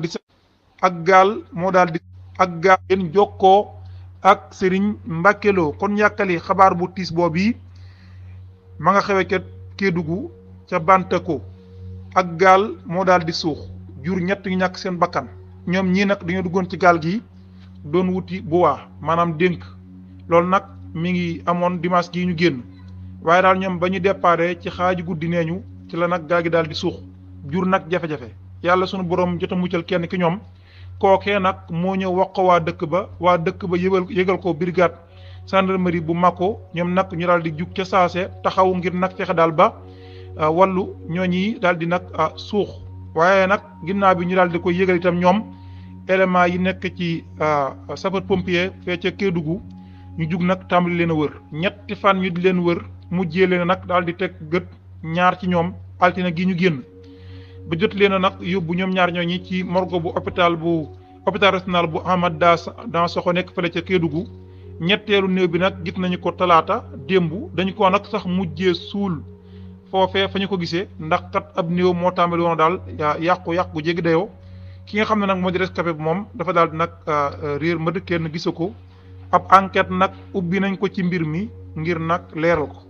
di ak gaal moo daal di ak gaal ngeen jokkoo ak sëriñ Mbacké kon yàkkali xabaar bu tiis boobu yi ma nga xewe ca Kédougou ca Bantako ak gaal moo daal di suux jur ñett ñu ñàkk seen bakkan ñoom ñii nag dañoo duggoon ci gaal gi doon wuti bu waa maanaam dénk loolu nag mi ngi amoon dimanche gii ñu génn waaye daal ñoom ba ñu déparé ci xaaju guddi nee ñu ci la nag gaal gi daal di suux jur nag jafe-jafe yàlla sunu borom jot a muccal kenn ki ñoom kookee nag moo ñëw wax ko waa dëkk ba waa dëkk ba yëgal yëgal ko brigade gendarmerie bu Mako ñoom nag ñu daal di jug ca saase taxaw ngir nag fexe daal ba ah, wàllu ñooñi daal di nag ah, suux waaye nag ginnaaw bi ñu daal di koy yëgal itam ñoom élément yi nekk ci ah, sapeur pompier fee ca Kédougou ñu jug nag tàmbali leen a wër ñetti fan ñu di leen wër mujjee leen nag daal di teg gët ñaar ci ñoom altine gi ñu génn. ba jot leen a nag yóbbu ñoom ñaar ñooñi ci morgo bu hôpital bu hôpital régional bu Ahmad Dansokho nekk fële ca Kédougou ñetteelu néew bi nag gis nañu ko talaata démb dañu ko nag sax mujjee suul foofee fa ñu ko gisee ndax kat ab néew moo tàmbali woon daal yàqu yàqu gu jéggi dayoo ki nga xam ne nag moo di rescapé bi moom dafa daal di nag euh, euh, réer ma dëkkeen gisu ko ab enquette nag ubbi nañ ko ci mbir mi ngir nag leeru ko